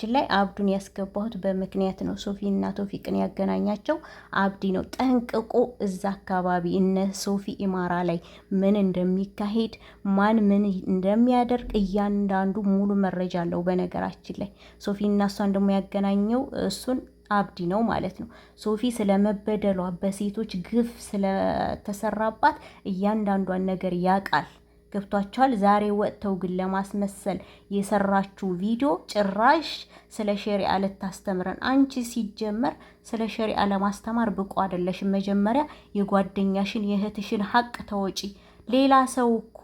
በነገራችን ላይ አብዱን ያስገባሁት በምክንያት ነው። ሶፊ እና ቶፊቅን ያገናኛቸው አብዲ ነው። ጠንቅቆ እዛ አካባቢ እነ ሶፊ ኢማራ ላይ ምን እንደሚካሄድ ማን ምን እንደሚያደርግ እያንዳንዱ ሙሉ መረጃ አለው። በነገራችን ላይ ሶፊ እና እሷን ደግሞ ያገናኘው እሱን አብዲ ነው ማለት ነው። ሶፊ ስለመበደሏ በሴቶች ግፍ ስለተሰራባት እያንዳንዷን ነገር ያውቃል። ገብቷቸዋል። ዛሬ ወጥተው ግን ለማስመሰል የሰራችው ቪዲዮ ጭራሽ ስለ ሸሪዓ ልታስተምረን። አንቺ ሲጀመር ስለ ሸሪዓ ለማስተማር ብቁ አይደለሽም። መጀመሪያ የጓደኛሽን የእህትሽን ሀቅ ተወጪ። ሌላ ሰው እኮ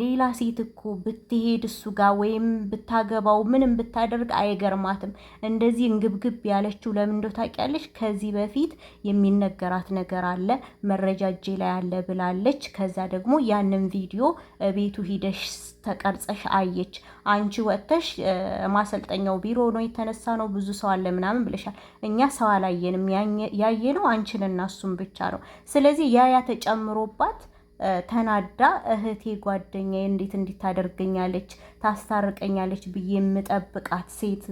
ሌላ ሴት እኮ ብትሄድ እሱ ጋር ወይም ብታገባው ምንም ብታደርግ አይገርማትም። እንደዚህ እንግብግብ ያለችው ለምን እንደው ታውቂያለሽ? ከዚህ በፊት የሚነገራት ነገር አለ፣ መረጃ እጄ ላይ አለ ብላለች። ከዛ ደግሞ ያንን ቪዲዮ ቤቱ ሂደሽ ተቀርጸሽ አየች። አንቺ ወጥተሽ ማሰልጠኛው ቢሮ ነው የተነሳ ነው ብዙ ሰው አለ ምናምን ብለሻል። እኛ ሰው አላየንም፣ ያየነው አንቺን እና እሱን ብቻ ነው። ስለዚህ ያ ያ ተጨምሮባት ተናዳ እህቴ ጓደኛ እንዴት እንዲታደርገኛለች ታደርገኛለች ታስታርቀኛለች ብዬ የምጠብቃት ሴት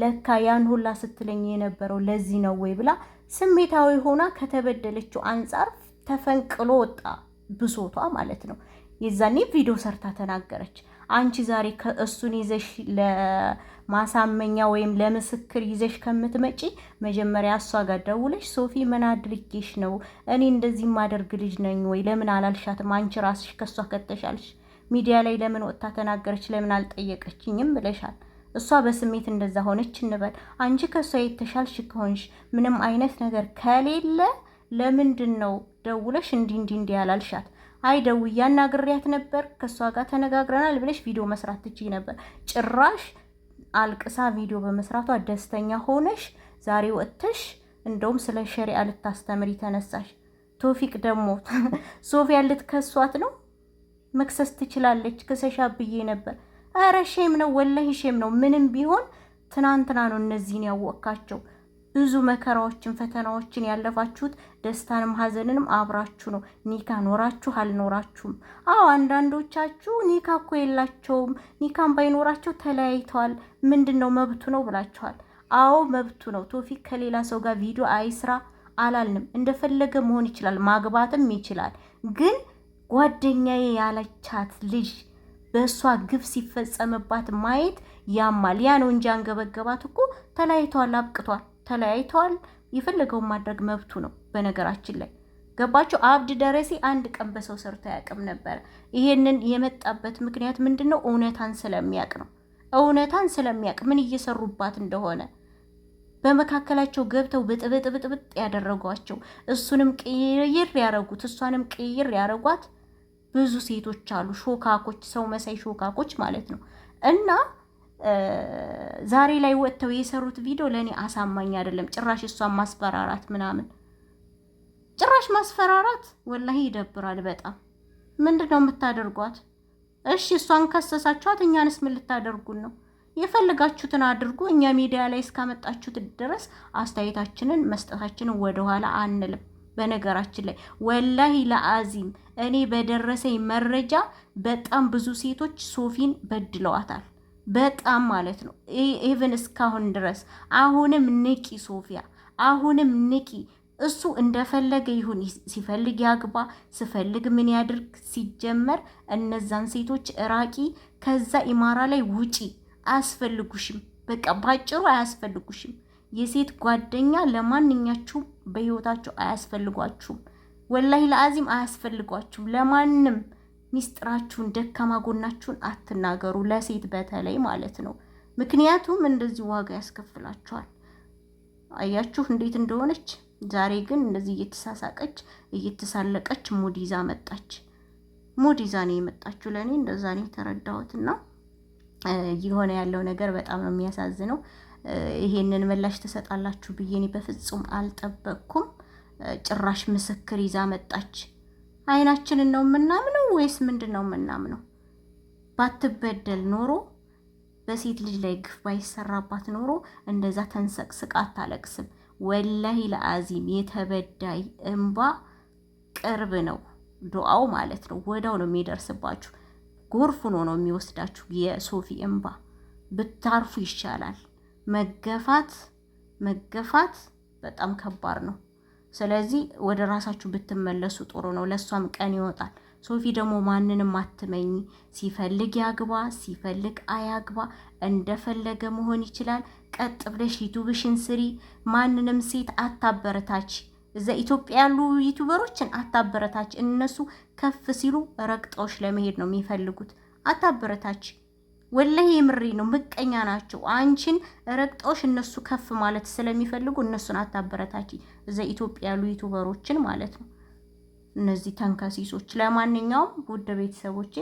ለካ ያን ሁላ ስትለኝ የነበረው ለዚህ ነው ወይ ብላ ስሜታዊ ሆና ከተበደለችው አንጻር ተፈንቅሎ ወጣ ብሶቷ ማለት ነው። የዛኔ ቪዲዮ ሰርታ ተናገረች። አንቺ ዛሬ ከእሱን ይዘሽ ማሳመኛ ወይም ለምስክር ይዘሽ ከምትመጪ መጀመሪያ እሷ ጋር ደውለሽ ሶፊ ምን አድርጌሽ ነው? እኔ እንደዚህ ማደርግ ልጅ ነኝ ወይ? ለምን አላልሻትም? አንቺ ራስሽ ከእሷ ከተሻልሽ ሚዲያ ላይ ለምን ወጥታ ተናገረች? ለምን አልጠየቀችኝም ብለሻል። እሷ በስሜት እንደዛ ሆነች እንበል። አንቺ ከእሷ የተሻልሽ ከሆንሽ ምንም አይነት ነገር ከሌለ ለምንድን ነው ደውለሽ እንዲህ እንዲህ እንዲህ ያላልሻት? አይ ደው አናግሬያት ነበር ከእሷ ጋር ተነጋግረናል ብለሽ ቪዲዮ መስራት ትችይ ነበር ጭራሽ አልቅሳ ቪዲዮ በመስራቷ ደስተኛ ሆነሽ ዛሬ ወጥተሽ እንደውም ስለ ሸሪያ ልታስተምሪ ተነሳሽ። ቶፊቅ ደግሞ ሶፊያ ልትከሷት ነው። መክሰስ ትችላለች። ክሰሻ ብዬ ነበር። አረ ሼም ነው ወላሂ ሼም ነው። ምንም ቢሆን ትናንትና ነው እነዚህን ያወቅካቸው። ብዙ መከራዎችን ፈተናዎችን ያለፋችሁት ደስታንም ሀዘንንም አብራችሁ ነው። ኒካ ኖራችሁ አልኖራችሁም። አዎ አንዳንዶቻችሁ ኒካ እኮ የላቸውም፣ ኒካም ባይኖራቸው ተለያይተዋል፣ ምንድን ነው መብቱ ነው ብላችኋል። አዎ መብቱ ነው። ቶፊቅ ከሌላ ሰው ጋር ቪዲዮ አይስራ አላልንም። እንደፈለገ መሆን ይችላል፣ ማግባትም ይችላል። ግን ጓደኛዬ ያለቻት ልጅ በእሷ ግፍ ሲፈጸምባት ማየት ያማል። ያ ነው እንጂ አንገበገባት እኮ ተለያይተዋል፣ አብቅቷል። ተለያይተዋል። የፈለገውን ማድረግ መብቱ ነው። በነገራችን ላይ ገባችሁ? አብድ ደረሴ አንድ ቀን በሰው ሰርቶ አያውቅም ነበረ። ይሄንን የመጣበት ምክንያት ምንድን ነው? እውነታን ስለሚያውቅ ነው። እውነታን ስለሚያውቅ ምን እየሰሩባት እንደሆነ በመካከላቸው ገብተው በጥብጥብጥብጥ ያደረጓቸው እሱንም ቅይር ያረጉት እሷንም ቅይር ያረጓት ብዙ ሴቶች አሉ። ሾካኮች፣ ሰው መሳይ ሾካኮች ማለት ነው እና ዛሬ ላይ ወጥተው የሰሩት ቪዲዮ ለእኔ አሳማኝ አይደለም። ጭራሽ እሷን ማስፈራራት ምናምን ጭራሽ ማስፈራራት ወላሂ ይደብራል በጣም። ምንድን ነው የምታደርጓት? እሺ እሷን ከሰሳችኋት፣ እኛንስ ምን ልታደርጉን ነው? የፈለጋችሁትን አድርጉ። እኛ ሚዲያ ላይ እስካመጣችሁት ድረስ አስተያየታችንን መስጠታችንን ወደኋላ አንልም። በነገራችን ላይ ወላሂ ለአዚም እኔ በደረሰኝ መረጃ በጣም ብዙ ሴቶች ሶፊን በድለዋታል። በጣም ማለት ነው። ኢቨን እስካሁን ድረስ አሁንም ንቂ ሶፊያ፣ አሁንም ንቂ። እሱ እንደፈለገ ይሁን፣ ሲፈልግ ያግባ፣ ሲፈልግ ምን ያድርግ። ሲጀመር እነዛን ሴቶች እራቂ፣ ከዛ ኢማራ ላይ ውጪ። አያስፈልጉሽም፣ በቃ ባጭሩ አያስፈልጉሽም። የሴት ጓደኛ ለማንኛችሁም በህይወታችሁ አያስፈልጓችሁም። ወላሂ ለአዚም አያስፈልጓችሁም ለማንም ሚስጥራችሁን ደካማ ጎናችሁን አትናገሩ፣ ለሴት በተለይ ማለት ነው። ምክንያቱም እንደዚህ ዋጋ ያስከፍላችኋል። አያችሁ እንዴት እንደሆነች። ዛሬ ግን እንደዚህ እየተሳሳቀች እየተሳለቀች ሙድ ይዛ መጣች። ሙድ ይዛ ነው የመጣችሁ። ለእኔ እንደዛ ነው የተረዳሁትና የሆነ ያለው ነገር በጣም ነው የሚያሳዝነው። ይሄንን ምላሽ ትሰጣላችሁ ብዬ እኔ በፍጹም አልጠበቅኩም። ጭራሽ ምስክር ይዛ መጣች። አይናችንን ነው የምናምነው ወይስ ምንድን ነው የምናምነው? ባትበደል ኖሮ በሴት ልጅ ላይ ግፍ ባይሰራባት ኖሮ እንደዛ ተንሰቅስቅ አታለቅስም። ወላሂ ለአዚም የተበዳይ እንባ ቅርብ ነው፣ ዱአው ማለት ነው። ወዳው ነው የሚደርስባችሁ፣ ጎርፍ ሆኖ ነው የሚወስዳችሁ። የሶፊ እንባ ብታርፉ ይሻላል። መገፋት መገፋት በጣም ከባድ ነው። ስለዚህ ወደ ራሳችሁ ብትመለሱ ጥሩ ነው። ለእሷም ቀን ይወጣል። ሶፊ ደግሞ ማንንም አትመኝ፣ ሲፈልግ ያግባ፣ ሲፈልግ አያግባ፣ እንደፈለገ መሆን ይችላል። ቀጥ ብለሽ ዩቱብሽን ስሪ። ማንንም ሴት አታበረታች። እዛ ኢትዮጵያ ያሉ ዩቱበሮችን አታበረታች። እነሱ ከፍ ሲሉ ረግጠውሽ ለመሄድ ነው የሚፈልጉት። አታበረታች። ወላሂ የምሬ ነው። ምቀኛ ናቸው። አንቺን ረግጠውሽ እነሱ ከፍ ማለት ስለሚፈልጉ እነሱን አታበረታች። እዛ ኢትዮጵያ ያሉ ዩቱበሮችን ማለት ነው። እነዚህ ተንከሲሶች። ለማንኛውም ውድ ቤተሰቦቼ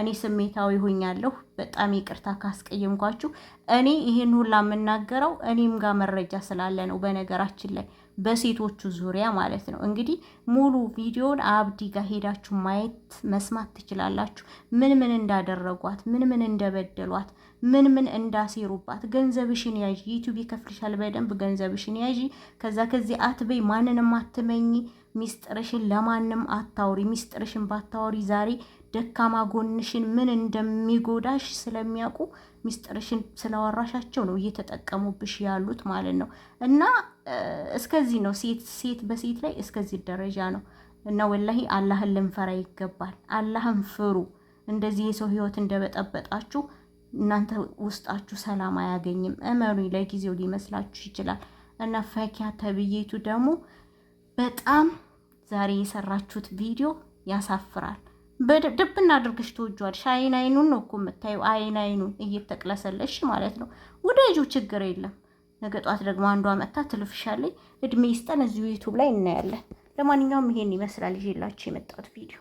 እኔ ስሜታዊ ሆኛለሁ። በጣም ይቅርታ ካስቀየምኳችሁ። እኔ ይህን ሁላ የምናገረው እኔም ጋር መረጃ ስላለ ነው። በነገራችን ላይ በሴቶቹ ዙሪያ ማለት ነው። እንግዲህ ሙሉ ቪዲዮን አብዲ ጋር ሄዳችሁ ማየት መስማት ትችላላችሁ። ምን ምን እንዳደረጓት፣ ምን ምን እንደበደሏት፣ ምን ምን እንዳሴሩባት። ገንዘብሽን ያዥ፣ ዩቱብ ይከፍልሻል፣ በደንብ ገንዘብሽን ያዥ፣ ከዛ ከዚህ አትበይ፣ ማንንም አትመኝ፣ ሚስጥርሽን ለማንም አታውሪ፣ ሚስጥርሽን ባታውሪ ዛሬ ደካማ ጎንሽን ምን እንደሚጎዳሽ ስለሚያውቁ ሚስጥርሽን ስለወራሻቸው ነው እየተጠቀሙብሽ ያሉት ማለት ነው። እና እስከዚህ ነው ሴት ሴት በሴት ላይ እስከዚህ ደረጃ ነው። እና ወላሂ አላህን ልንፈራ ይገባል። አላህን ፍሩ። እንደዚህ የሰው ህይወት እንደበጠበጣችሁ እናንተ ውስጣችሁ ሰላም አያገኝም። እመኑ። ለጊዜው ሊመስላችሁ ይችላል። እና ፈኪያ ተብዬቱ ደግሞ በጣም ዛሬ የሰራችሁት ቪዲዮ ያሳፍራል። በድብ እናድርግሽ ትወጇዋለሽ። አይን አይኑን ነው እኮ የምታየው፣ አይን አይኑን እየተቅለሰለሽ ማለት ነው። ወዳጁ ችግር የለም። ነገ ጧት ደግሞ አንዷ መታ ትልፍሻለኝ። እድሜ ይስጠን። እዚሁ ዩቱብ ላይ እናያለን። ለማንኛውም ይሄን ይመስላል ይዤላችሁ የመጣሁት ቪዲዮ